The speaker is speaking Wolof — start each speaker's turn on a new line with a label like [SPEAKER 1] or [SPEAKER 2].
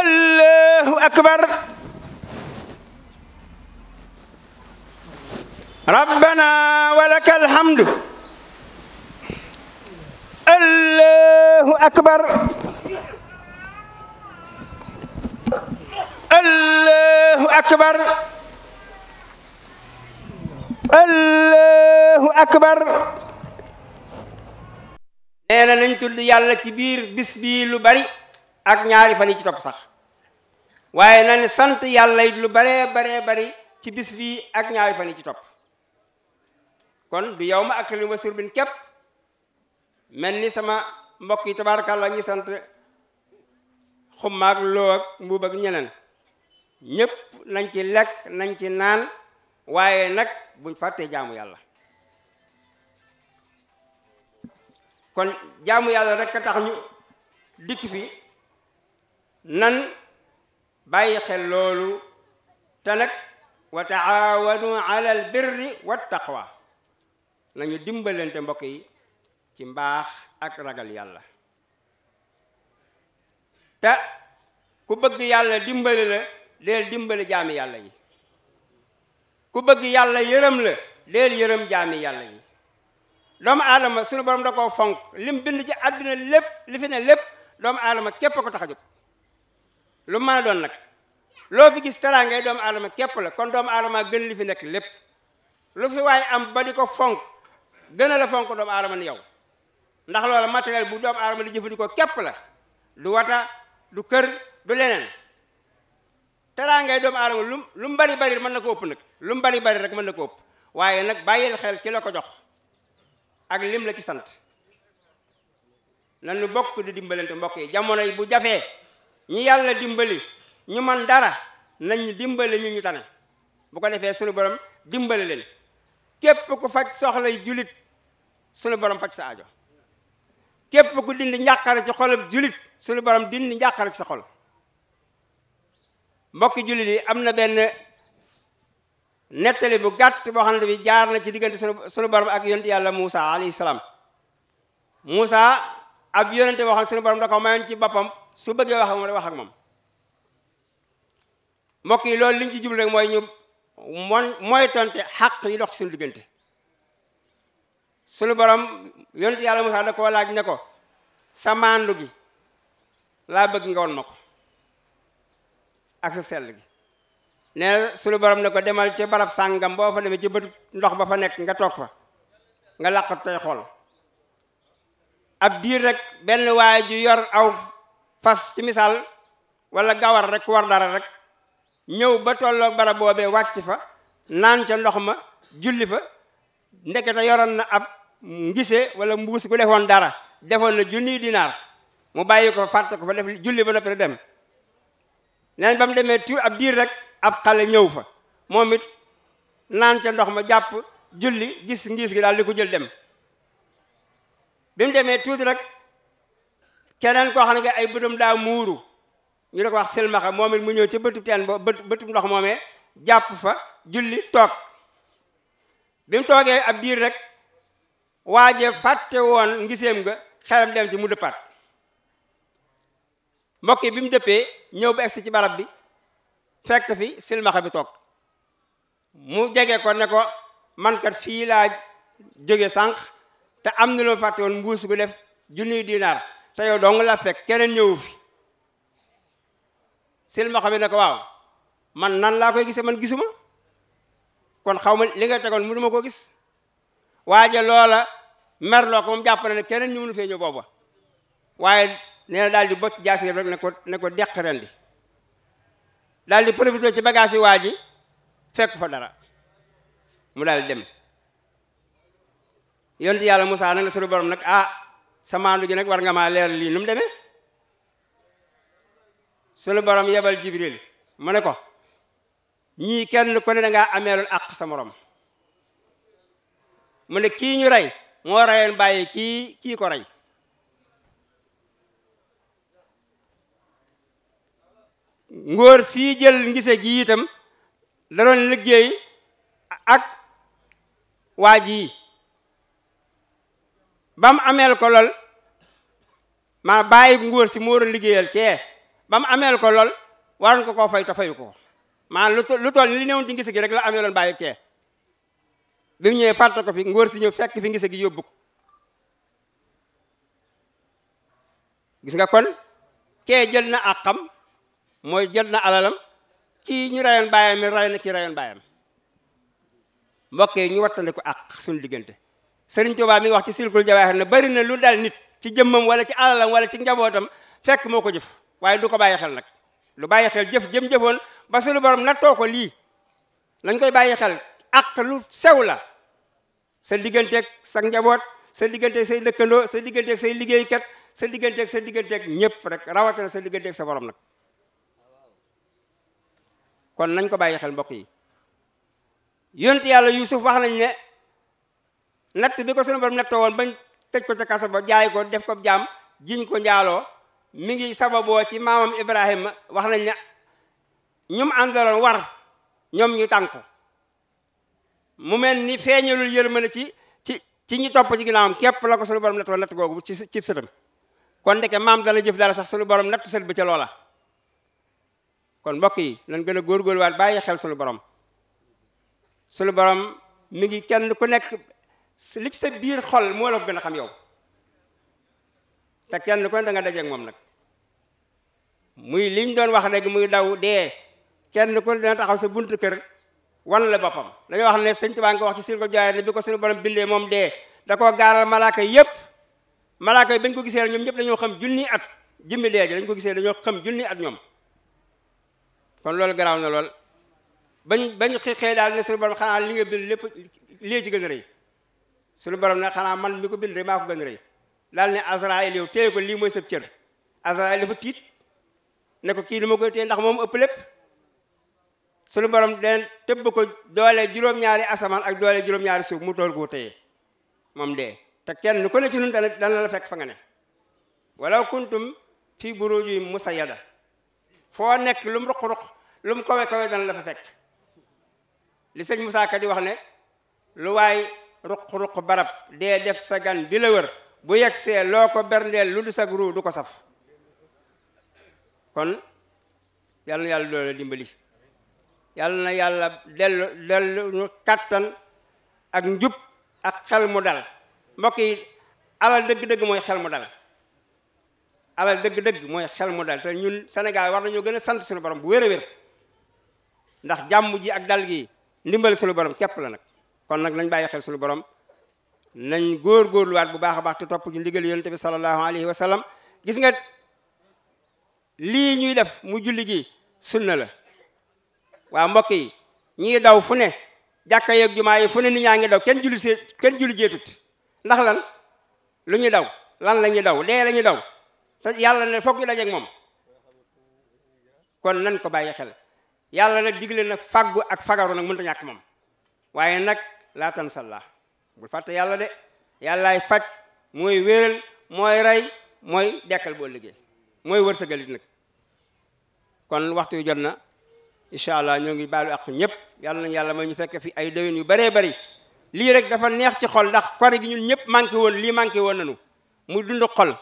[SPEAKER 1] الله أكبر ربنا ولك الحمد الله أكبر الله أكبر الله أكبر nee nañ tudd yàlla ci biir bis bii lu bari ak ñaari fan yi ci topp sax waaye nañ sant yàlla it lu baree baree bari ci bis bii ak ñaari fan yi ci topp kon du yow ma ak li ma surbin képp mel ni sama mbokk yi tabaarakàlla ñu sant xummaak loo ak mbuub ak ñeneen ñépp nañ ci lekk nañ ci naan waaye nag buñ fàttee jaamu yàlla kon jaamu yàlla rek a tax ñu dikk fi nan bàyyi xel loolu te nag wa taawanu ala al birri wa taqwa nañu dimbalante mbokk yi ci mbaax ak ragal yàlla te ku bëgg yàlla dimbali la deel dimbali jaami yàlla yi ku bëgg yàlla yërëm la deel yërëm jaami yàlla yi doomu aadama suñu borom da koo fonk lim bind ci àdduna lépp li fi ne lépp doomu aadama képp ko tax a jóg lu mën a doon nag loo fi gis teraangay képp la kon doomu aadama gën li fi nekk lépp lu fi waaye am bari di ko fonk gën a la fonk doomu aadama ni yow ndax loola matériel bu doomu aadama di jëfandikoo képp la du wata du kër du leneen teraangay doomu aadama lu lu mu bari bari mën na ko ëpp nag lu mu bari bari rek mën na ko ëpp waaye nag bàyyil xel ci la ko jox ak lim la ci sant nanu bokk di dimbalante mbokk yi jamono yi bu jafee ñi yàlla dimbali ñu man dara nañ dimbali ñi ñu tane bu ko defee sunu borom dimbali leen képp ku faj soxlay julit sunu borom faj sa aajo ku dindi njàqare ci xol julit sunu borom dindi njàqare ci xol mbokki julit yi am na benn nettali bu gàtt boo xam ne bi jaar na ci diggante sunu sunu borom ak yonent yàlla Moussa alayhi salaam Moussa ab yonente boo xam ne da ko mayoon ci boppam su bëggee wax ma moom wax ak moom mbokk yi loolu liñ ci jublu rek mooy ñu mon mooy tonte xàq yi dox suñu diggante sunu borom yonent yàlla Moussa da ko laaj ne ko sa maandu gi laa bëgg nga won ma ko ak sa sell gi ne sulu borom ne ko demal ci barab sangam bo fa demee ci beut ndox ba fa nek nga tok fa nga làqat tay xol ab dir rek ben waay ju yor aw fas ci misal wala gawar rek war dara rek ñew ba tolloog barab bobé wacc fa nan ci ndox ma julli fa ndekata yoron na ab ngise wala mbuus gu hondara, dara defon na junni dinar mu bayiko ko ko fa def julli ba dem neen ba mu demee tu ab diir rek ab xale ñëw fa moom it naan ca ndox ma jàpp julli gis ngiis gi daal di ko jël dem bi mu demee tuuti rek keneen koo xam ne ay bëtum daa muuru ñu da ko wax silmaxa moom it mu ñëw ca bëtu teen ba bët bëtum ndox moomee jàpp fa julli toog bi mu toogee ab diir rek waaje fàtte woon ngiseem nga xelam dem ci mu dëppaat mbokk yi bi mu dëppee ñëw ba egsi ci barab bi fekk fi silmaxa bi toog mu jege ko ne ko man kat fii laa jóge sànq te am na loo fàtte woon mbuus gu def junniy dinaar te yow dong la fekk keneen ñëwu fi silmaxa bi ne ko waaw man nan laa koy gisee man gisuma kon xaw ma li nga tegoon mënuma ko gis waaye loola merloo ko moom jàpp ne keneen ñu mënu fee ñëw booba waaye nee daal di bocc jaasi rek ne ko ne ko deq rendi daal di profité ci bagage yi waa ji fekk fa dara mu daal dem yonti yàlla Moussa nag na suñu borom nag ah samaandu gi nag war nga maa leer lii nu mu demee suñu borom yebal jibril mu ne ko ñii kenn ku ne da ngaa ameelul àq sa morom mu ne kii ñu rey moo reyoon bàyyi kii kii ko rey ngor si jël ngise gi itam la doon liggéey ak waji bam amel kolol, ko lol ma baye ngor si moo doon liggéeyal bam amel mu ko lol waroon ko ko fay ta fayu ko maa lu tol li newoon ci ngise gi rek la ameeloon ko fi ngor si ñëw fekk fi ngise gi yóbbu gis nga kon ke jël na akam mooy jël na alalam kii ñu rayoon baayam mi ray na kii rayoon yi ñu wattandi ko ak suñu diggante Sëriñ Tuubaa mi ngi wax ci silkul jawaaxir na bari na lu dal nit ci jëmmam wala ci alalam wala ci njabootam fekk moo ko jëf waaye du ko bàyyi xel nag lu bàyyi xel jëf jëm jëfoon ba suñu borom nattoo ko lii lañ koy bàyyi xel ak lu sew la sa digganteeg sa njaboot sa digganteeg say dëkkandoo sa digganteeg say liggéeykat sa digganteeg sa digganteeg ñëpp rek rawatina sa digganteeg sa borom nag kon nañ ko bàyyi xel mbokk yi yonent yàlla yusuf wax nañ ne natt bi ko sunu borom nattoo woon bañ tëj ko ca kaso ba jaay ko def ko jaam jiñ ko njaaloo mi ngi sababoo ci maamam ibrahima wax nañ ne ñum àndaloon war ñoom ñu tànku mu mel ni feeñalul yërmande ci ci ci ñi topp ci ginnaawam képp la ko sunu borom nattoo natt googu ci ci sëtam kon deke maam dala jëf dara sax sunu borom nattu sët bi ca loola kon mbokk yi nañ gën a góor góor góorgóorluwaat bàyyi xel suñu borom suñu borom mi ngi kenn ku nekk li ci sa biir xol moo la ko gën a xam yow te kenn ku ne da nga dajeeg moom nag muy liñ doon wax léegi muy daw dee kenn ku ne dina taxaw sa buntu kër wan la boppam dañoo wax ne sëñ Tuubaa nga wax ci sirko jaay ne bi ko suñu borom bindee moom dee da koo gaaral malaaka yépp malaaka yi bañ ko gisee ñoom ñëpp dañoo xam junni at jëmmi dee ji dañ ko gisee dañoo xam junni at ñoom kon loolu garaaw na lool bañ bañ xeexee daal ne suñu borom xanaa li nga bind lépp lii ci gën a borom ne xanaa man mi ko bind maa ko gën a rëy daal ne Azraayil yow téye ko lii mooy sëb cër Azraayil dafa tiit ne ko kii lu ma koy téye ndax moom ëpp lépp suñu borom den tëbb ko doole juróom-ñaari asamaan ak doole juróom-ñaari suuf mu tool koo téye moom dee te kenn ko ne ci ñun tamit dana la fekk fa nga ne walaw kuntum fii buruuji musayyada foo nekk lu mu ruq-ruq lu mu kawe kawe dana la fa fekk li sëñ Moussa di wax ne lu waay ruq-ruq barab dee def sa gan di la wër bu yegsee loo ko berndeel lu du sag ruu du ko saf kon yàlla na doo doole dimbali yàlla na yàlla dellu dellu ñu kàttan ak njub ak xel mu dal mbokk yi alal dëgg-dëgg mooy xel mu dal alal dëgg-dëgg mooy xel mu dal te ñun Sénégal war nañoo gën a sant suñu borom bu wér a wér ndax jàmm ji ak dal gi ndimbal suñu borom képp la nag kon nag nañ bàyyi xel suñu borom nañ góorgóorluwaat bu baax a baax te topp ci ndigal yonent bi sallallahu alayhi wa sallam gis nga lii ñuy def mu julli gi sunna la waa mbokk yi ñii daw fu ne jàkka yeeg jumaa yi fu ne nit ñaa ngi daw kenn julli see kenn julli ndax lan lu ñuy daw lan la ñuy daw dee la daw te yàlla ne foog ñu dajeeg moom kon nan ko bàyyi xel yàlla nag digle na faggu ak fagaru nag mënta ñàkk moom waaye nag laa tan salla bul fàtte yàlla de yàllaay faj mooy wéral mooy rey mooy dekkal boo liggéey mooy wërsëgalit nag kon waxtu yi jot na incha allah ñoo ngi baalu àq ñëpp yàlla nañ yàlla may ñu fekk fi ay déwén yu bare bari lii rek dafa neex ci xol ndax kori gi ñun ñëpp manqué woon lii manqué woon nañu muy dund xol